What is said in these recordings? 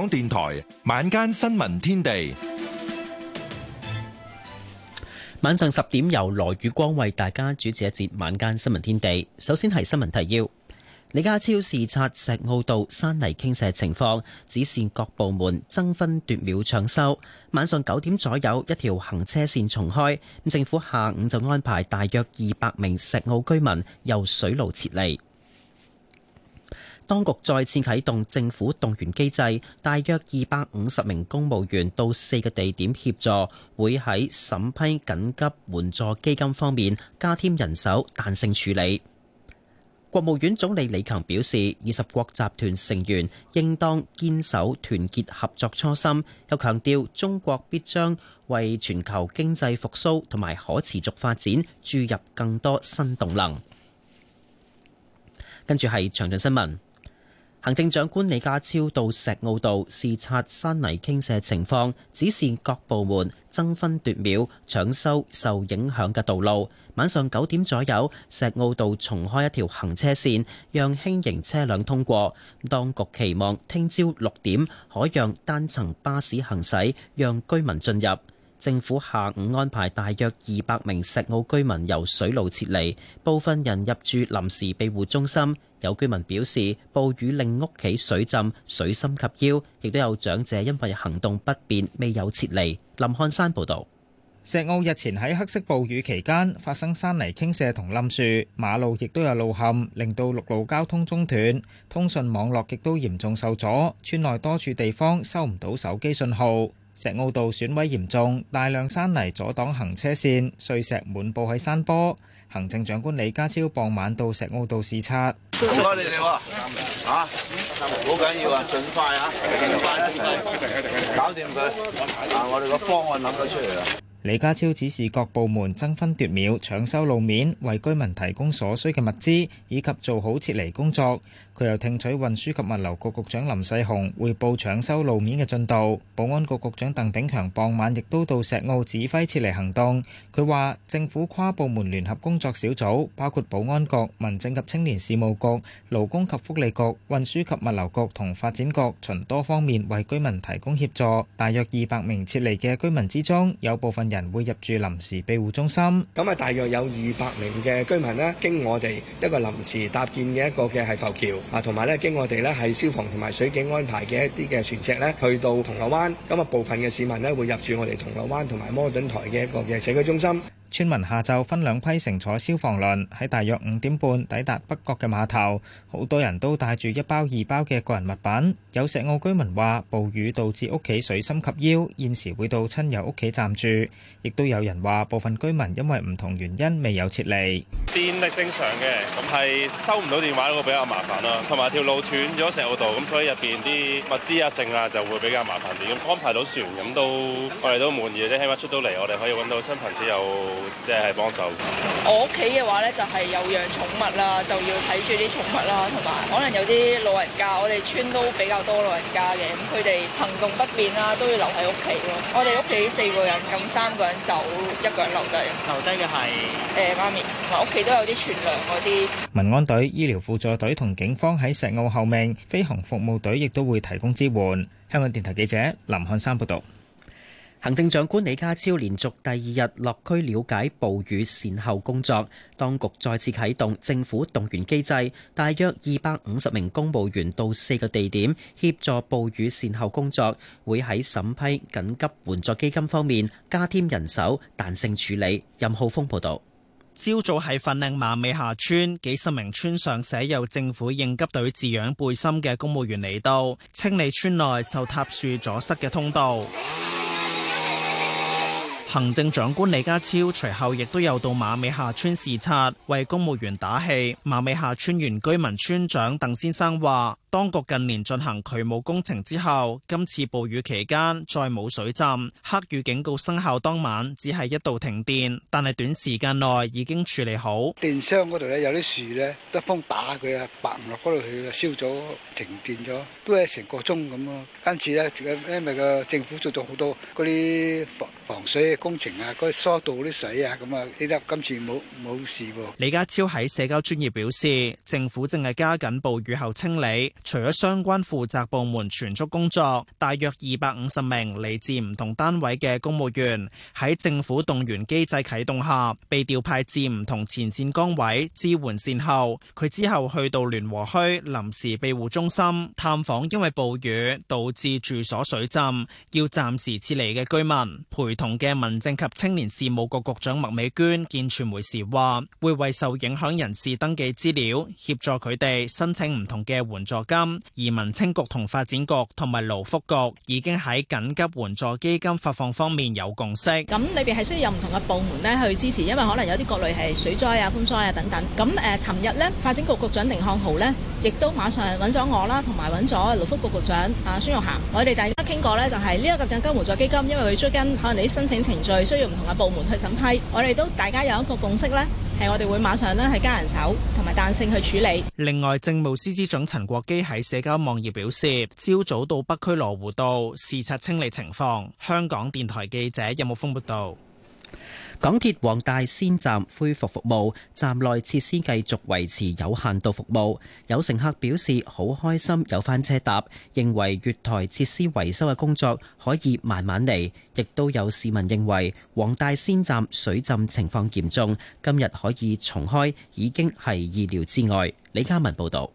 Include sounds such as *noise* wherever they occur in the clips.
港電台晚間新聞天地，晚上十點由羅宇光為大家主持一節晚間新聞天地。首先係新聞提要：李家超視察石澳道山泥傾瀉情況，指示各部門爭分奪秒搶修。晚上九點左右，一條行車線重開。咁政府下午就安排大約二百名石澳居民由水路撤離。當局再次啟動政府動員機制，大約二百五十名公務員到四個地點協助，會喺審批緊急援助基金方面加添人手，彈性處理。國務院總理李強表示，二十國集團成員應當堅守團結合作初心，又強調中國必將為全球經濟復甦同埋可持續發展注入更多新動能。跟住係詳盡新聞。行政長官李家超到石澳道視察山泥傾瀉情況，指示各部門爭分奪秒搶修受影響嘅道路。晚上九點左右，石澳道重開一條行車線，讓輕型車輛通過。當局期望聽朝六點可讓單層巴士行駛，讓居民進入。政府下午安排大約二百名石澳居民由水路撤離，部分人入住臨時庇護中心。有居民表示，暴雨令屋企水浸，水深及腰，亦都有長者因為行動不便未有撤離。林漢山報道，石澳日前喺黑色暴雨期間發生山泥傾瀉同冧樹，馬路亦都有路陷，令到陸路交通中斷，通訊網絡亦都嚴重受阻，村內多處地方收唔到手機信號。石澳道損毀嚴重，大量山泥阻擋行車線，碎石滿佈喺山坡。行政長官李家超傍晚到石澳度視察。唔該你哋喎，好緊要啊，盡快啊，盡快搞掂佢。啊，我哋個方案諗咗出嚟啦。李家超指示各部門爭分奪秒搶修路面，為居民提供所需嘅物資，以及做好撤離工作。佢又聽取運輸及物流局局長林世雄匯報搶修路面嘅進度。保安局局長鄧炳強傍晚亦都到石澳指揮撤離行動。佢話：政府跨部門聯合工作小組包括保安局、民政及青年事務局、勞工及福利局、運輸及物流局同發展局，循多方面為居民提供協助。大約二百名撤離嘅居民之中，有部分人人會入住臨時庇護中心，咁啊大約有二百名嘅居民呢，經我哋一個臨時搭建嘅一個嘅係浮橋啊，同埋呢，經我哋呢係消防同埋水警安排嘅一啲嘅船隻呢，去到銅鑼灣，咁啊部分嘅市民呢會入住我哋銅鑼灣同埋摩頓台嘅一個嘅社區中心。村民下晝分兩批乘坐消防輪，喺大約五點半抵達北角嘅碼頭。好多人都帶住一包二包嘅個人物品。有石澳居民話，暴雨導致屋企水深及腰，現時會到親友屋企暫住。亦都有人話，部分居民因為唔同原因未有撤離。電力正常嘅，咁係收唔到電話嗰個比較麻煩啦，同埋條路斷咗石澳道，咁所以入邊啲物資啊剩啊就會比較麻煩啲。咁安排到船咁都我哋都滿意，即係起碼出到嚟，我哋可以揾到親朋好友。即係幫手。我屋企嘅話咧，就係有養寵物啦，就要睇住啲寵物啦，同埋可能有啲老人家，我哋村都比較多老人家嘅，咁佢哋行動不便啦，都要留喺屋企咯。我哋屋企四個人，咁三個人走，一個人留低。留低嘅係誒媽咪，其實屋企都有啲存糧嗰啲。民安隊、醫療輔助隊同警方喺石澳後面，飛行服務隊亦都會提供支援。香港電台記者林漢山報道。行政長官李家超連續第二日落區了解暴雨善後工作，當局再次啟動政府動員機制，大約二百五十名公務員到四個地點協助暴雨善後工作。會喺審批緊急援助基金方面加添人手，彈性處理。任浩峰報道：朝早喺粉嶺馬尾下村，幾十名村上寫有“政府應急隊”字樣背心嘅公務員嚟到清理村內受塌樹阻塞嘅通道。行政長官李家超隨後亦都有到馬尾下村視察，為公務員打氣。馬尾下村原居民村長鄧先生話。當局近年進行渠務工程之後，今次暴雨期間再冇水浸。黑雨警告生效當晚，只係一度停電，但係短時間內已經處理好。電箱嗰度咧，有啲樹咧得風打佢啊，白唔落嗰度去啊，燒咗停電咗，都係成個鐘咁咯。今次咧，因為個政府做咗好多嗰啲防防水工程啊，嗰啲疏導啲水啊，咁啊，呢家今次冇冇事。李家超喺社交專業表示，政府正係加緊暴雨後清理。除咗相關負責部門全速工作，大約二百五十名嚟自唔同單位嘅公務員喺政府動員機制啟動下，被調派至唔同前線崗位支援善後。佢之後去到聯和墟臨時庇護中心探訪，因為暴雨導致住所水浸，要暫時撤離嘅居民。陪同嘅民政及青年事務局局、局長麥美娟見傳媒時話，會為受影響人士登記資料，協助佢哋申請唔同嘅援助。金而民青局同發展局同埋勞福局已經喺緊急援助基金發放方面有共識。咁裏邊係需要有唔同嘅部門咧去支持，因為可能有啲國累係水災啊、風災啊等等。咁誒，尋日咧發展局局長甯漢豪咧，亦都馬上揾咗我啦，同埋揾咗勞福局局長阿孫玉菡，我哋大家傾過咧，就係呢一個緊急援助基金，因為佢最近可能啲申請程序需要唔同嘅部門去審批，我哋都大家有一個共識咧，係我哋會馬上咧係加人手同埋彈性去處理。另外，政務司司長陳國基。喺社交網頁表示，朝早到北區羅湖道視察清理情況。香港電台記者任木峰報道，港鐵黃大仙站恢復服務，站內設施繼續維持有限度服務。有乘客表示好開心有返車搭，認為月台設施維修嘅工作可以慢慢嚟。亦都有市民認為黃大仙站水浸情況嚴重，今日可以重開，已經係意料之外。李嘉文報道。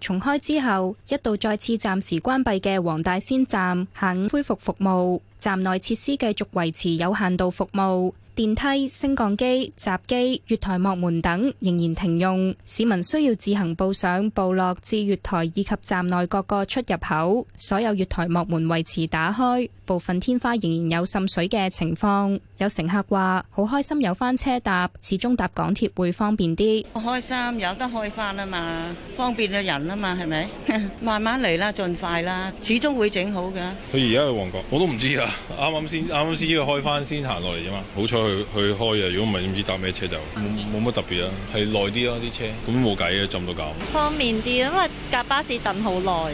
重開之後，一度再次暫時關閉嘅黃大仙站下午恢，恢復服務，站內設施繼續維持有限度服務，電梯、升降機、閘機、月台幕門等仍然停用。市民需要自行步上步落至月台以及站內各個出入口，所有月台幕門維持打開。部分天花仍然有滲水嘅情況，有乘客話：好開心有翻車搭，始終搭港鐵會方便啲。我開心有得開翻啊嘛，方便咗人啊嘛，係咪？ *laughs* 慢慢嚟啦，盡快啦，始終會整好噶。佢而家去旺角，我都唔知啊。啱啱先啱啱先要開翻先行落嚟啫嘛。好彩佢去開嘅，如果唔係點知搭咩車，就冇冇乜特別啊，係耐啲咯啲車。咁冇計嘅，浸到咁。方便啲，因為搭巴士等好耐要，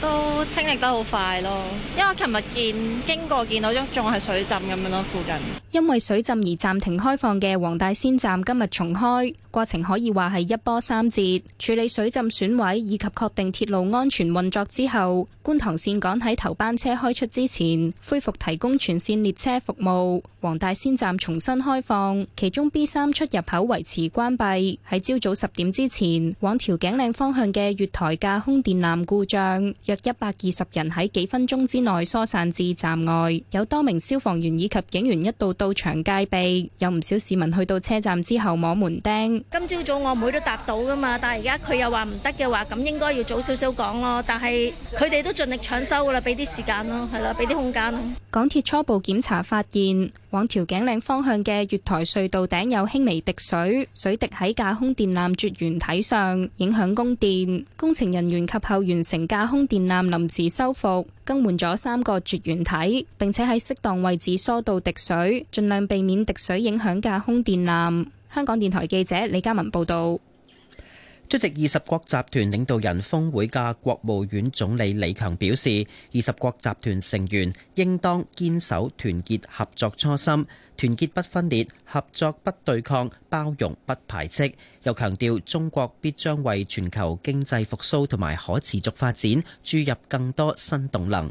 都清理得好快咯。因為我琴日見。經過見到仲係水浸咁樣咯，附近因為水浸而暫停開放嘅黃大仙站今日重開，過程可以話係一波三折。處理水浸損毀以及確定鐵路安全運作之後，觀塘綫趕喺頭班車開出之前，恢復提供全綫列車服務。黃大仙站重新開放，其中 B 三出入口維持關閉。喺朝早十點之前，往調景嶺方向嘅月台架空電纜故障，約一百二十人喺幾分鐘之內疏散至站外。有多名消防員以及警員一度到場戒備，有唔少市民去到車站之後摸門釘。今朝早我妹妹都搭到㗎嘛，但係而家佢又話唔得嘅話，咁應該要早少少講咯。但係佢哋都盡力搶修㗎喇，俾啲時間咯，係啦，俾啲空間。港鐵初步檢查發現，往調景嶺方向嘅月台隧道頂有輕微滴水，水滴喺架空電纜絕緣體上，影響供電。工程人員及後完成架空電纜臨時修復，更換咗三個絕緣體，並且喺適當位置疏導滴水，盡量避免滴水影響架空電纜。香港電台記者李嘉文報道。出席二十國集團領導人峰會嘅國務院總理李強表示，二十國集團成員應當堅守團結合作初心，團結不分裂，合作不對抗，包容不排斥，又強調中國必將為全球經濟復甦同埋可持續發展注入更多新動能。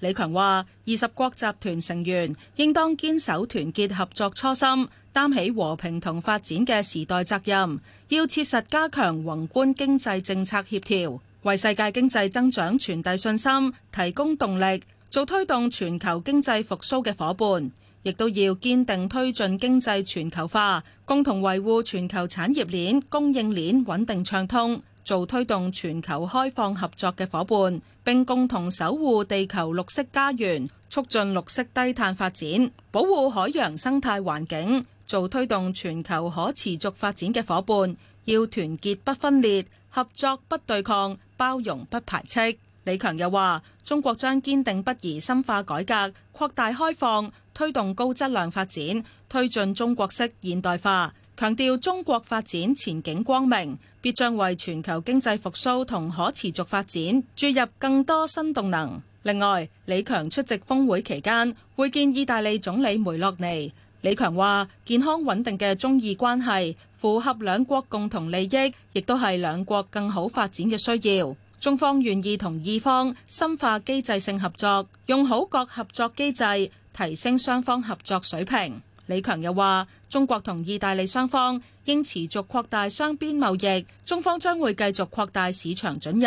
李強話：二十國集團成員應當堅守團結合作初心，擔起和平同發展嘅時代責任，要切實加強宏觀經濟政策協調，為世界經濟增長傳遞信心、提供動力，做推動全球經濟復甦嘅伙伴，亦都要堅定推進經濟全球化，共同維護全球產業鏈、供應鏈穩定暢通。做推動全球開放合作嘅夥伴，並共同守護地球綠色家園，促進綠色低碳發展，保護海洋生態環境，做推動全球可持續發展嘅夥伴，要團結不分裂，合作不對抗，包容不排斥。李強又話：中國將堅定不移深化改革，擴大開放，推動高質量發展，推進中國式現代化。強調中國發展前景光明，必將為全球經濟復甦同可持續發展，注入更多新動能。另外，李強出席峰會期間，會見意大利總理梅洛尼。李強話，健康穩定嘅中意關係，符合兩國共同利益，亦都係兩國更好發展嘅需要。中方願意同意方深化機制性合作，用好各合作機制，提升雙方合作水平。李強又話：中國同意大利雙方應持續擴大雙邊貿易，中方將會繼續擴大市場准入，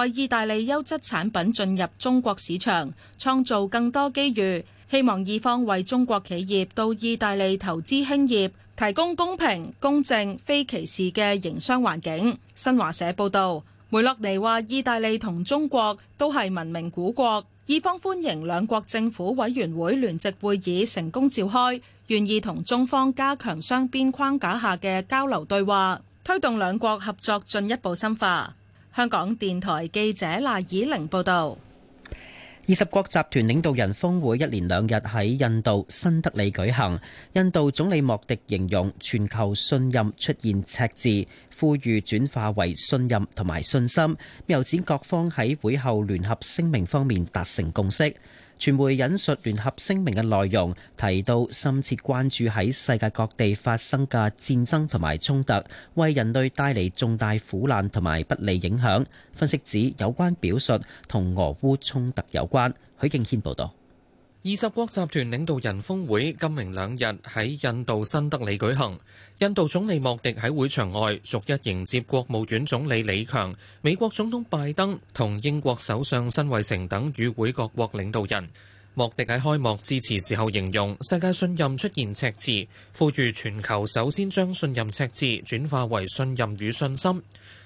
為意大利優質產品進入中國市場創造更多機遇。希望意方為中國企業到意大利投資興業提供公平、公正、非歧視嘅營商環境。新華社報道，梅洛尼話：意大利同中國都係文明古國。意方歡迎兩國政府委員會聯席會議成功召開，願意同中方加強雙邊框架下嘅交流對話，推動兩國合作進一步深化。香港電台記者賴以玲報道：二十國集團領導人峰會一連兩日喺印度新德里舉行，印度總理莫迪形容全球信任出現赤字。呼籲轉化為信任同埋信心，又指各方喺會後聯合聲明方面達成共識。傳媒引述聯合聲明嘅內容，提到深切關注喺世界各地發生嘅戰爭同埋衝突，為人類帶嚟重大苦難同埋不利影響。分析指有關表述同俄烏衝突有關。許敬軒報道。二十國集團領導人峰會今明兩日喺印度新德里舉行。印度總理莫迪喺會場外逐一迎接國務院總理李強、美國總統拜登同英國首相辛偉誠等與會各國領導人。莫迪喺開幕致辭時候形容世界信任出現赤字，呼籲全球首先將信任赤字轉化為信任與信心。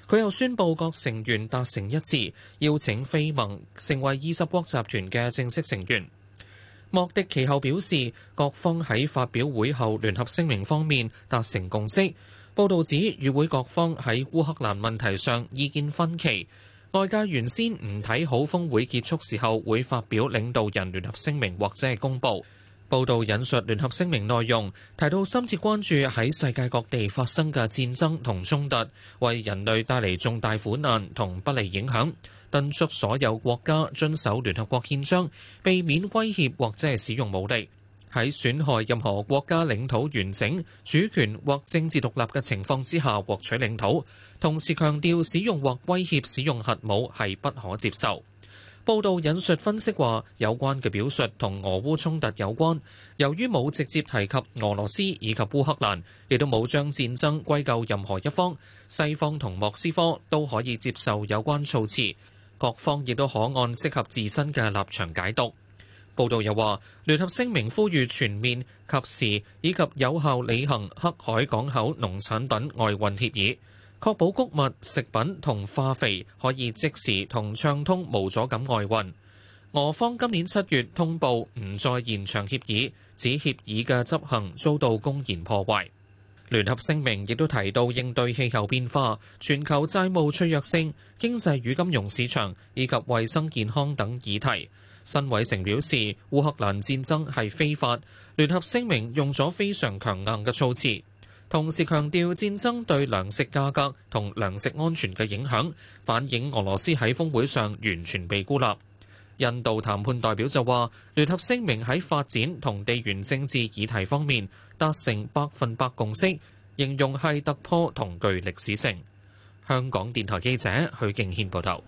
佢又宣布各成員達成一致，邀請非盟成為二十國集團嘅正式成員。莫迪其後表示，各方喺發表會後聯合聲明方面達成共識。報導指，與會各方喺烏克蘭問題上意見分歧。外界原先唔睇好峰會結束時候會發表領導人聯合聲明或者係公佈。報導引述聯合聲明內容，提到深切關注喺世界各地發生嘅戰爭同衝突，為人類帶嚟重大苦難同不利影響。敦促所有國家遵守聯合國憲章，避免威脅或者係使用武力，喺損害任何國家領土完整、主權或政治獨立嘅情況之下獲取領土。同時強調使用或威脅使用核武係不可接受。報道引述分析話，有關嘅表述同俄烏衝突有關，由於冇直接提及俄羅斯以及烏克蘭，亦都冇將戰爭歸咎任何一方，西方同莫斯科都可以接受有關措辭。各方亦都可按適合自身嘅立場解讀。報道又話，聯合聲明呼籲全面、及時以及有效履行黑海港口農產品外運協議，確保穀物、食品同化肥可以即時同暢通無阻咁外運。俄方今年七月通報唔再延長協議，指協議嘅執行遭到公然破壞。聯合聲明亦都提到應對氣候變化、全球債務脆弱性、經濟與金融市場以及衞生健康等議題。辛偉誠表示，烏克蘭戰爭係非法，聯合聲明用咗非常強硬嘅措辭，同時強調戰爭對糧食價格同糧食安全嘅影響，反映俄羅斯喺峰會上完全被孤立。印度談判代表就話：聯合聲明喺發展同地緣政治議題方面達成百分百共識，形容係突破同具歷史性。香港電台記者許敬軒報道。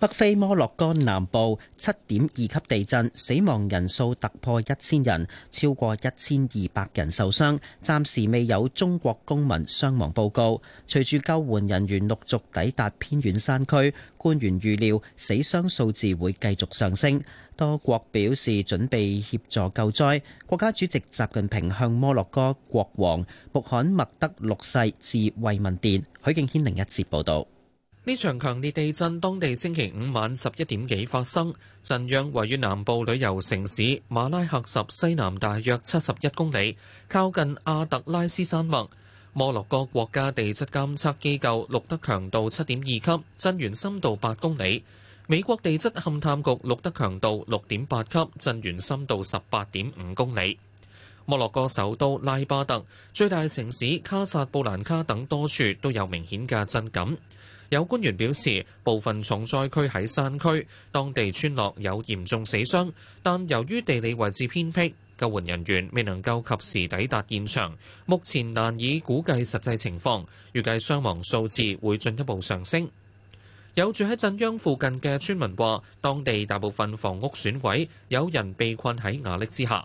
北非摩洛哥南部七點二級地震，死亡人數突破一千人，超過一千二百人受傷，暫時未有中國公民傷亡報告。隨住救援人員陸續抵達偏遠山區，官員預料死傷數字會繼續上升。多國表示準備協助救災。國家主席習近平向摩洛哥國王穆罕默德六世致慰問電。許敬軒另一節報道。呢場強烈地震，當地星期五晚十一點幾發生，震央位於南部旅遊城市馬拉喀什西南大約七十一公里，靠近阿特拉斯山脈。摩洛哥國家地質監測機構錄得強度七點二級，震源深度八公里；美國地質勘探局錄得強度六點八級，震源深度十八點五公里。摩洛哥首都拉巴特、最大城市卡薩布蘭卡等多處都有明顯嘅震感。有官員表示，部分重災區喺山區，當地村落有嚴重死傷，但由於地理位置偏僻，救援人員未能夠及時抵達現場，目前難以估計實際情況，預計傷亡數字會進一步上升。有住喺震央附近嘅村民話，當地大部分房屋損毀，有人被困喺瓦礫之下。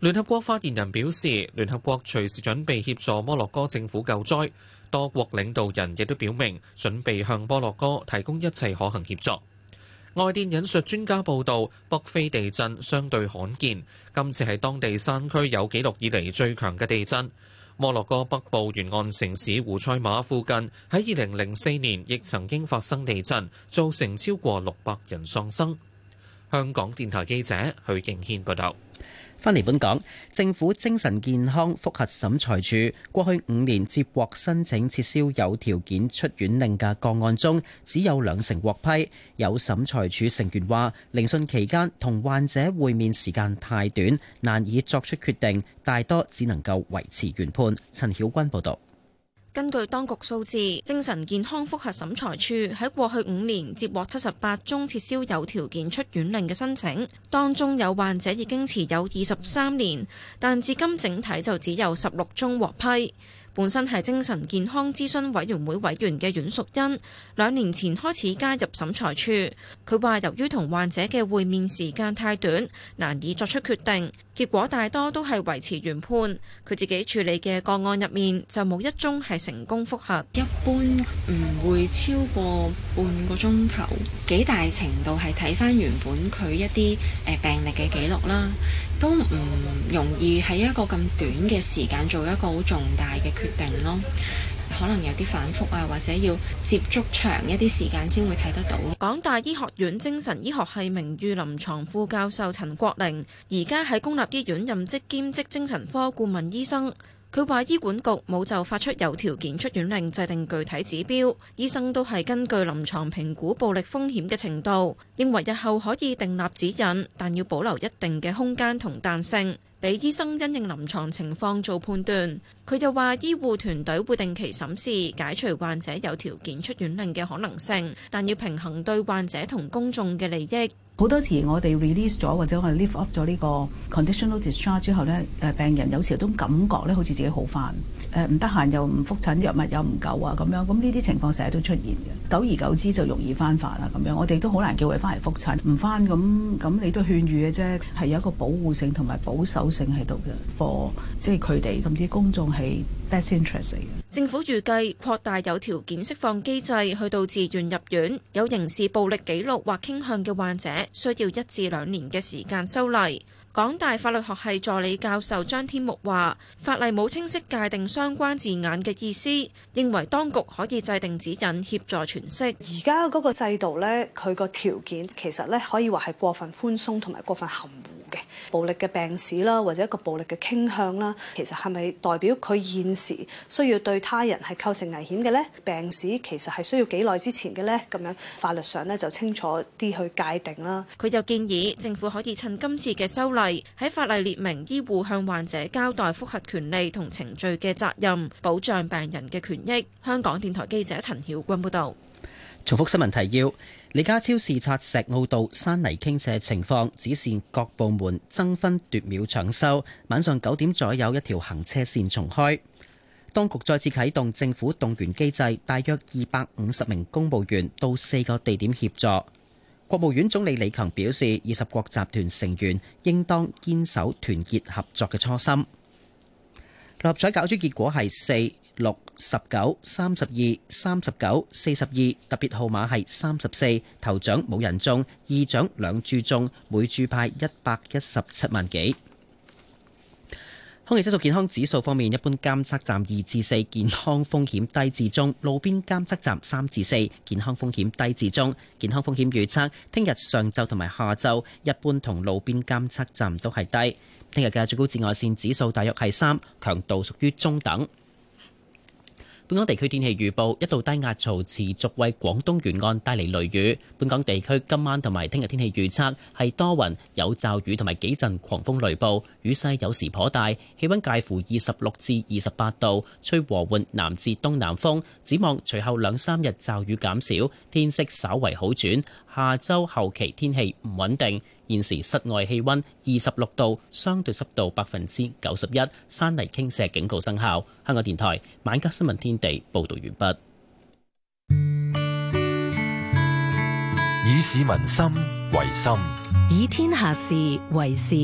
聯合國發言人表示，聯合國隨時準備協助摩洛哥政府救災。多國領導人亦都表明準備向摩洛哥提供一切可行協助。外電引述專家報道，北非地震相對罕見，今次係當地山區有記錄以嚟最強嘅地震。摩洛哥北部沿岸城市胡塞馬附近喺二零零四年亦曾經發生地震，造成超過六百人喪生。香港電台記者許敬軒報導。翻嚟本港，政府精神健康復核審裁處過去五年接獲申請撤銷有條件出院令嘅個案中，只有兩成獲批。有審裁處成員話，聆訊期間同患者會面時間太短，難以作出決定，大多只能夠維持原判。陳曉君報導。根據當局數字，精神健康復核審裁處喺過去五年接獲七十八宗撤銷有條件出院令嘅申請，當中有患者已經持有二十三年，但至今整體就只有十六宗獲批。本身係精神健康諮詢委員會委員嘅阮淑欣，兩年前開始加入審裁處。佢話：由於同患者嘅會面時間太短，難以作出決定，結果大多都係維持原判。佢自己處理嘅個案入面，就冇一宗係成功覆核。一般唔會超過半個鐘頭，幾大程度係睇返原本佢一啲誒病歷嘅記錄啦。都唔容易喺一個咁短嘅時間做一個好重大嘅決定咯，可能有啲反覆啊，或者要接觸長一啲時間先會睇得到。港大醫學院精神醫學系名譽臨牀副教授陳國玲，而家喺公立醫院任職兼職精神科顧問醫生。佢話醫管局冇就發出有條件出院令，制定具體指標，醫生都係根據臨床評估暴力風險嘅程度。認為日後可以訂立指引，但要保留一定嘅空間同彈性，俾醫生因應臨床情況做判斷，佢又話醫護團隊會定期審視解除患者有條件出院令嘅可能性，但要平衡對患者同公眾嘅利益。好多時我哋 release 咗或者我哋 lift off 咗呢個 conditional discharge 之後呢，誒病人有時候都感覺咧好似自己好返，誒唔得閒又唔復診，藥物又唔夠啊咁樣，咁呢啲情況成日都出現嘅，久而久之就容易翻發啦咁樣，我哋都好難叫佢翻嚟復診，唔翻咁咁你都勸喻嘅啫，係有一個保護性同埋保守性喺度嘅，for 即係佢哋甚至公眾係。S 政府預計擴大有條件釋放機制，去到自願入院、有刑事暴力記錄或傾向嘅患者，需要一至兩年嘅時間修例。港大法律學系助理教授張天木話：法例冇清晰界定相關字眼嘅意思，認為當局可以制定指引協助詮釋。而家嗰個制度呢，佢個條件其實呢可以話係過分寬鬆同埋過分含糊。暴力嘅病史啦，或者一個暴力嘅傾向啦，其實，係咪代表佢現時需要對他人係構成危險嘅咧？病史其實，係需要幾耐之前嘅咧？咁樣法律上咧就清楚啲去界定啦。佢又建議政府可以趁今次嘅修例喺法例列明醫護向患者交代覆核權利同程序嘅責任，保障病人嘅權益。香港電台記者陳曉君報道，重複新聞提要。李家超視察石澳道山泥傾瀉情況，指示各部門爭分奪秒搶修。晚上九點左右，一條行車線重開。當局再次啟動政府動員機制，大約二百五十名公務員到四個地點協助。國務院總理李強表示，二十國集團成員應當堅守團結合作嘅初心。六合彩攪珠結果係四。六、十九、三十二、三十九、四十二，特別號碼係三十四。頭獎冇人中，二獎兩注中，每注派一百一十七萬幾。空氣質素健康指數方面，一般監測站二至四，健康風險低至中；路邊監測站三至四，健康風險低至中。健康風險預測，聽日上晝同埋下晝，一般同路邊監測站都係低。聽日嘅最高紫外線指數大約係三，強度屬於中等。本港地區天氣預報，一道低壓槽持續為廣東沿岸帶嚟雷雨。本港地區今晚同埋聽日天氣預測係多雲有驟雨同埋幾陣狂風雷暴，雨勢有時頗大，氣溫介乎二十六至二十八度，吹和緩南至東南風，展望隨後兩三日驟雨減少，天色稍為好轉，下周後期天氣唔穩定。現時室外氣温二十六度，相對濕度百分之九十一，山泥傾瀉警告生效。香港電台晚間新聞天地報道完畢。以市民心為心，以天下事為事。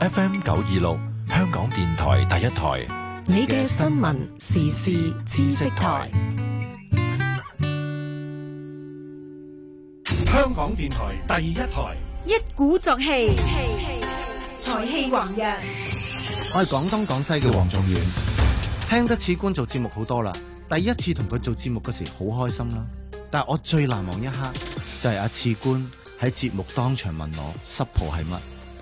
FM 九二六，香港電台第一台，你嘅新聞時事知識台，香港電台第一台。一鼓作氣，氣、氣，才氣橫溢。我係廣東廣西嘅黃仲遠，聽得次官做節目好多啦。第一次同佢做節目嗰時，好開心啦。但係我最難忘一刻就係、是、阿、啊、次官喺節目當場問我濕婆係乜，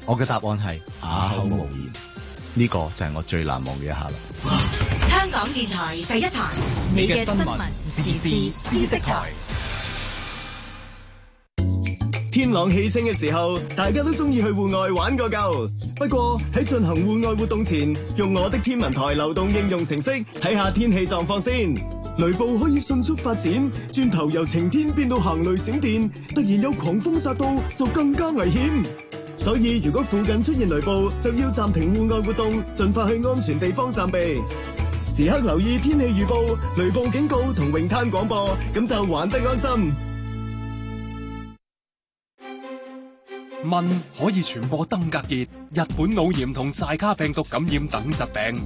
我嘅答案係啞口無言。呢好個就係我最難忘嘅一刻啦、啊。香港電台第一台，你嘅新聞時事知識台。天朗氣清嘅時候，大家都中意去戶外玩個夠。不過喺進行戶外活動前，用我的天文台流動應用程式睇下天氣狀況先。雷暴可以迅速發展，轉頭由晴天變到行雷閃電，突然有狂風殺到就更加危險。所以如果附近出現雷暴，就要暫停戶外活動，盡快去安全地方暫避。時刻留意天氣預報、雷暴警告同泳灘廣播，咁就玩得安心。蚊可以傳播登革熱、日本腦炎同寨卡病毒感染等疾病。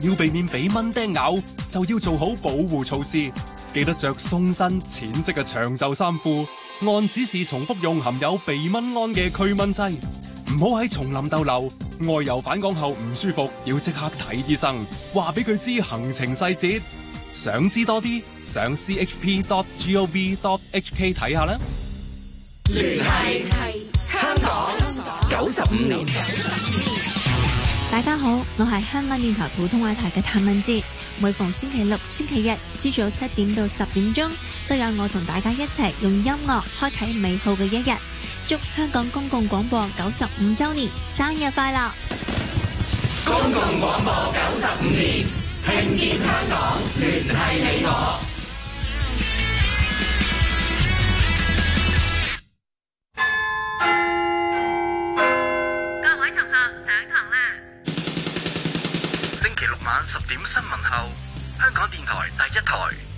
要避免俾蚊叮咬，就要做好保護措施。記得着鬆身淺色嘅長袖衫褲。按指示重複用含有避蚊胺嘅驅蚊劑。唔好喺叢林逗留。外遊返港後唔舒服，要即刻睇醫生。話俾佢知行程細節。想知多啲，上 chp dot gov dot hk 睇下啦。聯繫系。香港九十五年，年大家好，我係香港電台普通話台嘅譚文捷。每逢星期六、星期日，朝早七點到十點鐘，都有我同大家一齊用音樂開啟美好嘅一日。祝香港公共廣播九十五周年生日快樂！公共廣播九十五年，聽見香港，聯繫你我。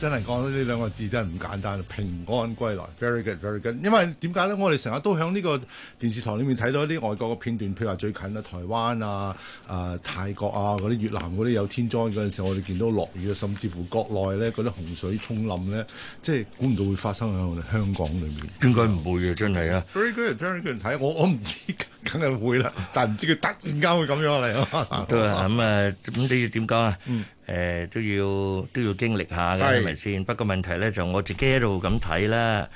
真係講到呢兩個字真係唔簡單，平安歸來，very good very good。因為點解咧？我哋成日都喺呢個電視台裏面睇到一啲外國嘅片段，譬如話最近啊，台灣啊、啊、呃、泰國啊嗰啲、越南嗰啲有天災嗰陣時，我哋見到落雨啊，甚至乎國內咧嗰啲洪水沖冧咧，即係估唔到會發生喺我哋香港裏面。應該唔會嘅，真係啊！very good，very good！睇，我我唔知，梗係會啦，但唔知佢突然間會咁樣嚟咯。啊、 *laughs* 嗯，咁啊、嗯，咁你要點講啊？誒、呃，都要都要經歷下嘅，係咪先？不過問題咧，就我自己喺度咁睇啦。誒、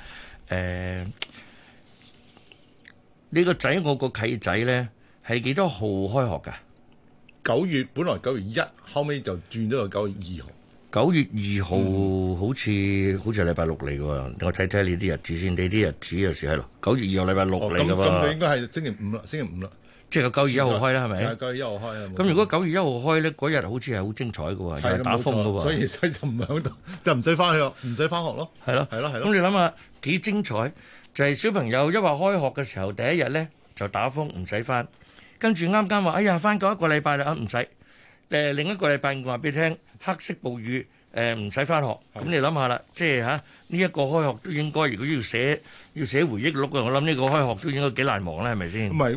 呃，你個仔我個契仔咧，係幾多號開學噶？九月本來九月一，後尾就轉咗個九月二號。九月二號、嗯、好似好似係禮拜六嚟嘅喎，嗯、我睇睇你啲日子先。你啲日子有、就是係咯？九月二號禮拜六嚟嘅噃。咁咁、哦，你應該係星期五啦，星期五啦。即係九月一號開啦，係咪？九月一號開。咁如果九月一號開咧，嗰日好似係好精彩㗎喎，的又打風㗎喎。所以所以就唔響度，就唔使翻學，唔使翻學咯。係咯的，係咯，係咁、嗯、你諗下幾精彩？就係、是、小朋友一話開學嘅時候，第一日咧就打風，唔使翻。跟住啱啱話：哎呀，翻咗一個禮拜啦，唔使。誒、呃，另一個禮拜話俾你聽，黑色暴雨，誒、呃，唔使翻學。咁的、嗯、你諗下啦，即係吓呢一個開學都應該，如果要寫要寫回憶錄嘅，我諗呢個開學都應該幾難忘啦，係咪先？